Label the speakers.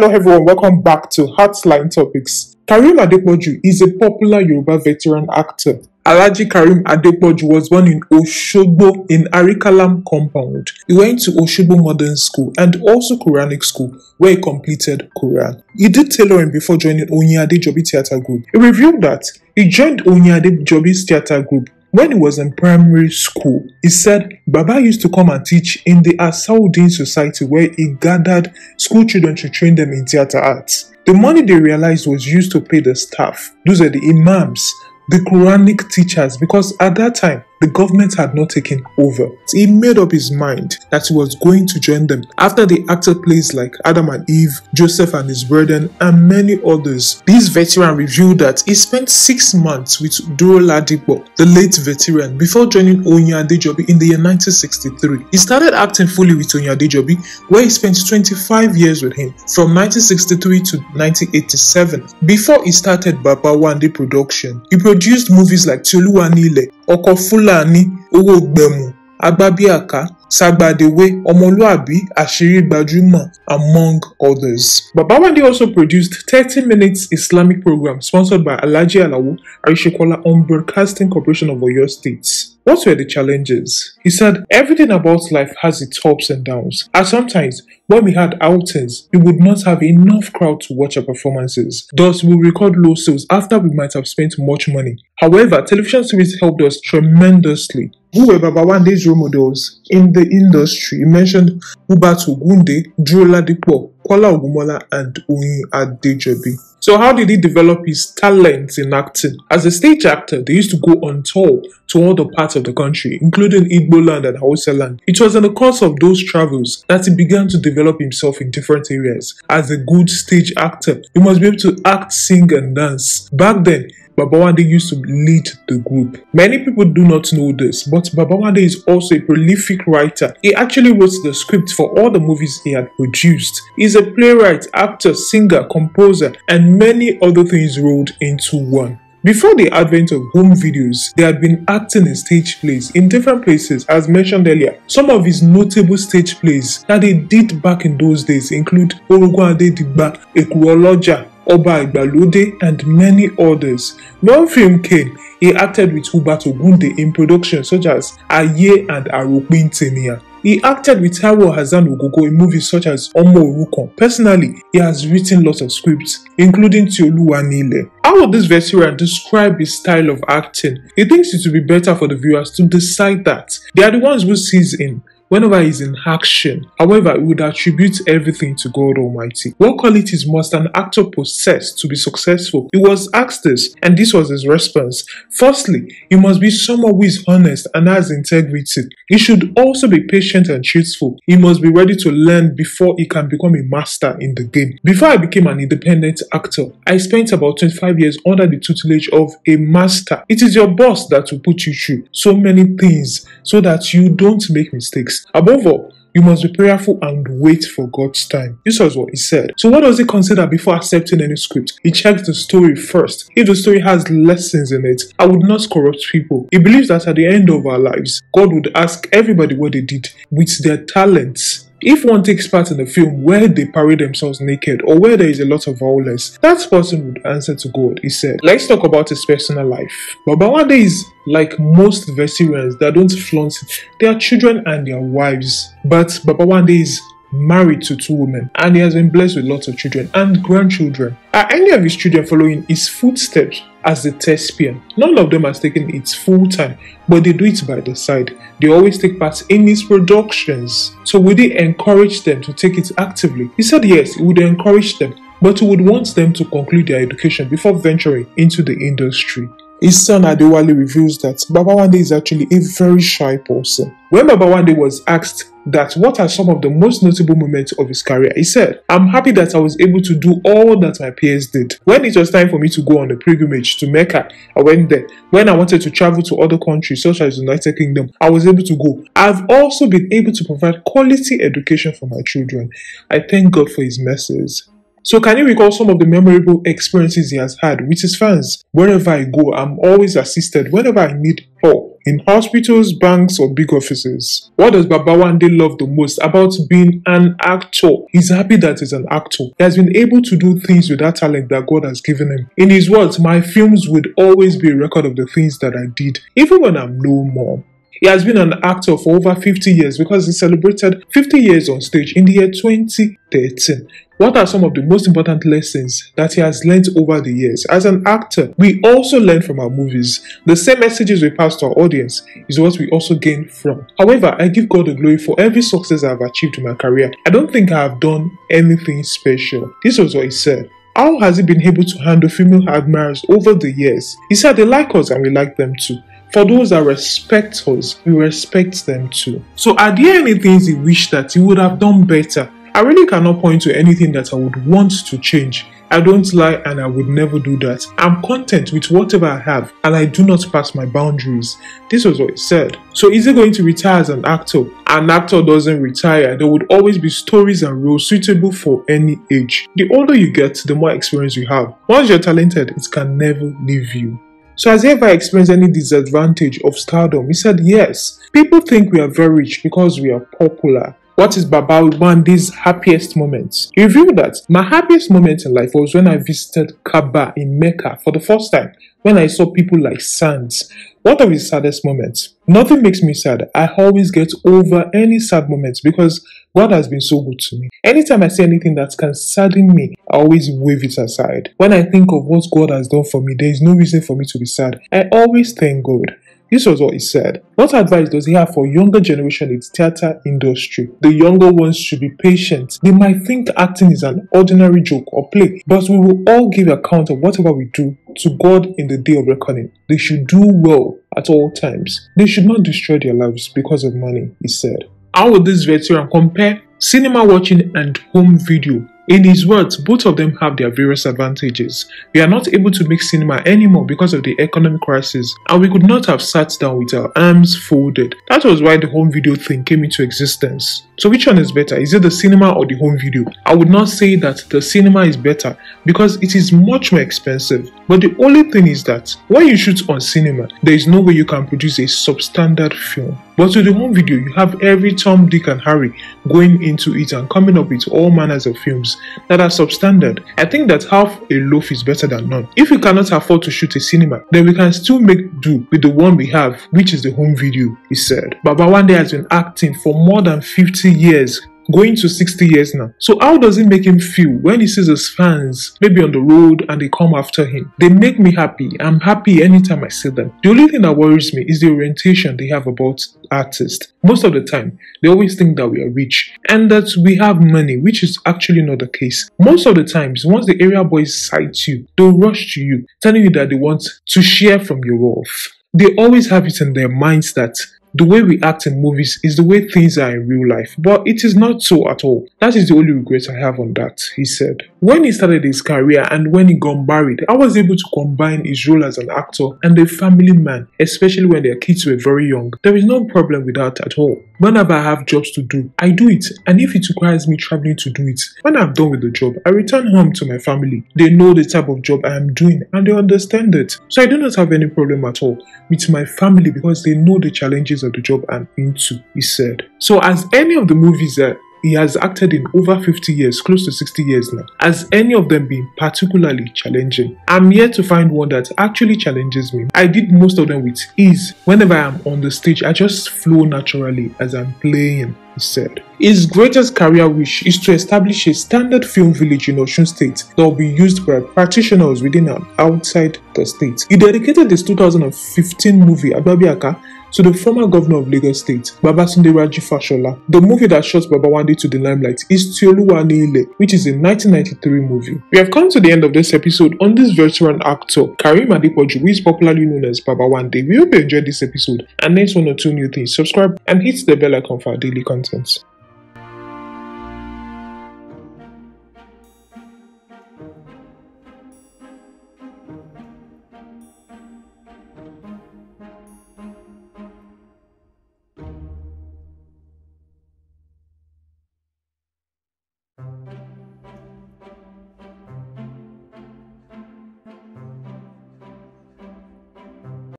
Speaker 1: Hello everyone, welcome back to Heartline Topics. Karim Adepoju is a popular Yoruba veteran actor. Alaji Karim Adepoju was born in Oshobo in Arikalam compound. He went to Oshobo Modern School and also Quranic School, where he completed Quran. He did tailoring before joining Onyade Jobi Theatre Group. He revealed that he joined Onyade Jobi's theatre group when he was in primary school, he said Baba used to come and teach in the Asaudin Society where he gathered school children to train them in theater arts. The money they realized was used to pay the staff, those are the imams, the Quranic teachers, because at that time, the government had not taken over. He made up his mind that he was going to join them after they acted plays like Adam and Eve, Joseph and his brethren, and many others. This veteran revealed that he spent six months with Duro Ladipo, the late veteran, before joining Onya Adejobi in the year 1963. He started acting fully with Onya Adejobi, where he spent 25 years with him from 1963 to 1987. Before he started Baba Wande production, he produced movies like Toluwanile, ọkọ fúlàní owó gbẹmù àgbàbíàká Sagbadewe Omoluabi Ashiri Bajuma, among others. Babawande also produced 30 Minutes Islamic program sponsored by Alaji Alawu Arishikwala on Broadcasting Corporation of Oyo State. What were the challenges? He said, Everything about life has its ups and downs. And sometimes, when we had outings, we would not have enough crowd to watch our performances. Thus, we record low sales after we might have spent much money. However, television series helped us tremendously who were Babawande's role models in the industry mentioned Hubert Ogunde, Jola Dipo, Kola Ogumola, and Oyin Adejobi. So how did he develop his talent in acting? As a stage actor, they used to go on tour to all the parts of the country, including Igbo land and Hausa land. It was in the course of those travels that he began to develop himself in different areas. As a good stage actor, he must be able to act, sing and dance. Back then, Babawande used to lead the group. Many people do not know this, but Babawande is also a prolific writer. He actually wrote the script for all the movies he had produced. He's a playwright, actor, singer, composer, and many other things rolled into one. Before the advent of home videos, they had been acting in stage plays in different places as mentioned earlier. Some of his notable stage plays that he did back in those days include Orogun Adedigba, Ekuoloja, Oba Igbalode and many others. When film came, he acted with Hubert Ogunde in productions such as Aye and Aropin Tenia. He acted with Taiwo Hassan Ogogo in movies such as Omo Orukon. Personally, he has written lots of scripts, including Tioluwa Nile. How would this veteran describe his style of acting? He thinks it would be better for the viewers to decide that. They are the ones who sees him whenever he's in action. However, he would attribute everything to God Almighty. What qualities must an actor possess to be successful? He was asked this, and this was his response. Firstly, he must be someone who is honest and has integrity. He should also be patient and truthful. He must be ready to learn before he can become a master in the game. Before I became an independent actor, I spent about 25 years under the tutelage of a master. It is your boss that will put you through so many things so that you don't make mistakes. Above all, you must be prayerful and wait for God's time. This was what he said. So, what does he consider before accepting any script? He checks the story first. If the story has lessons in it, I would not corrupt people. He believes that at the end of our lives, God would ask everybody what they did with their talents if one takes part in a film where they parade themselves naked or where there is a lot of violence, that person would answer to God, he said. Let's talk about his personal life. Babawande is like most Veserians that don't flaunt their children and their wives, but Babawande is married to two women, and he has been blessed with lots of children and grandchildren. Are any of his children following his footsteps as the thespian? None of them has taken it full time, but they do it by the side. They always take part in his productions. So would he encourage them to take it actively? He said yes, he would encourage them, but he would want them to conclude their education before venturing into the industry. His son Adewale reveals that Baba Wande is actually a very shy person. When Wande was asked that what are some of the most notable moments of his career, he said, I'm happy that I was able to do all that my peers did. When it was time for me to go on a pilgrimage to Mecca, I went there. When I wanted to travel to other countries such as the United Kingdom, I was able to go. I've also been able to provide quality education for my children. I thank God for his messages. So can you recall some of the memorable experiences he has had with his fans? Wherever I go, I'm always assisted whenever I need help in hospitals, banks, or big offices. What does Baba Wande love the most about being an actor? He's happy that he's an actor. He has been able to do things with that talent that God has given him. In his words, my films would always be a record of the things that I did, even when I'm no more. He has been an actor for over 50 years because he celebrated 50 years on stage in the year 2013. What are some of the most important lessons that he has learned over the years? As an actor, we also learn from our movies. The same messages we pass to our audience is what we also gain from. However, I give God the glory for every success I have achieved in my career. I don't think I have done anything special. This was what he said. How has he been able to handle female admirers over the years? He said they like us and we like them too for those that respect us, we respect them too. So, are there any things you wish that you would have done better? I really cannot point to anything that I would want to change. I don't lie and I would never do that. I'm content with whatever I have and I do not pass my boundaries. This was what he said. So is he going to retire as an actor? An actor doesn't retire. There would always be stories and roles suitable for any age. The older you get, the more experience you have. Once you're talented, it can never leave you. So has he ever experienced any disadvantage of stardom? He said yes. People think we are very rich because we are popular. What is Baba Ubandi's happiest moments? He revealed that my happiest moment in life was when I visited Kaaba in Mecca for the first time, when I saw people like Sands, what of his saddest moments? Nothing makes me sad. I always get over any sad moments because God has been so good to me. Anytime I see anything that can sadden me, I always wave it aside. When I think of what God has done for me, there is no reason for me to be sad. I always thank God. This was what he said. What advice does he have for younger generation in the theater industry? The younger ones should be patient. They might think acting is an ordinary joke or play, but we will all give account of whatever we do to God in the day of reckoning. They should do well at all times. They should not destroy their lives because of money, he said. How would this veteran compare cinema watching and home video in his words, both of them have their various advantages. We are not able to make cinema anymore because of the economic crisis, and we could not have sat down with our arms folded. That was why the home video thing came into existence. So which one is better? Is it the cinema or the home video? I would not say that the cinema is better because it is much more expensive. But the only thing is that when you shoot on cinema, there is no way you can produce a substandard film. But with the home video, you have every Tom, Dick, and Harry going into it and coming up with all manners of films that are substandard. I think that half a loaf is better than none. If we cannot afford to shoot a cinema, then we can still make do with the one we have, which is the home video, he said. Baba Wande has been acting for more than 50 years going to 60 years now. So how does it make him feel when he sees his fans maybe on the road and they come after him? They make me happy. I'm happy anytime I see them. The only thing that worries me is the orientation they have about artists. Most of the time, they always think that we are rich and that we have money, which is actually not the case. Most of the times, once the area boys sight you, they'll rush to you, telling you that they want to share from your wealth. They always have it in their minds that the way we act in movies is the way things are in real life, but it is not so at all. That is the only regret I have on that, he said. When he started his career and when he got married, I was able to combine his role as an actor and a family man, especially when their kids were very young. There is no problem with that at all. Whenever I have jobs to do, I do it, and if it requires me traveling to do it, when I'm done with the job, I return home to my family. They know the type of job I am doing and they understand it. So I do not have any problem at all with my family because they know the challenges details of the job I'm into, he said. So, as any of the movies that he has acted in over 50 years, close to 60 years now. Has any of them been particularly challenging? I'm yet to find one that actually challenges me. I did most of them with ease. Whenever I'm on the stage, I just flow naturally as I'm playing, he said. His greatest career wish is to establish a standard film village in Ocean State that will be used by practitioners within and outside the state. He dedicated this 2015 movie, Ababiaka, to the former governor of Lagos State, Babatunde Raji Fashola. The movie that shows Babawande to the limelight is Tioluwa Niile, which is a 1993 movie. We have come to the end of this episode on this veteran actor, Karim Adepoju, who is popularly known as Babawande. We hope you enjoyed this episode and next one or two new things. Subscribe and hit the bell icon for our daily contents.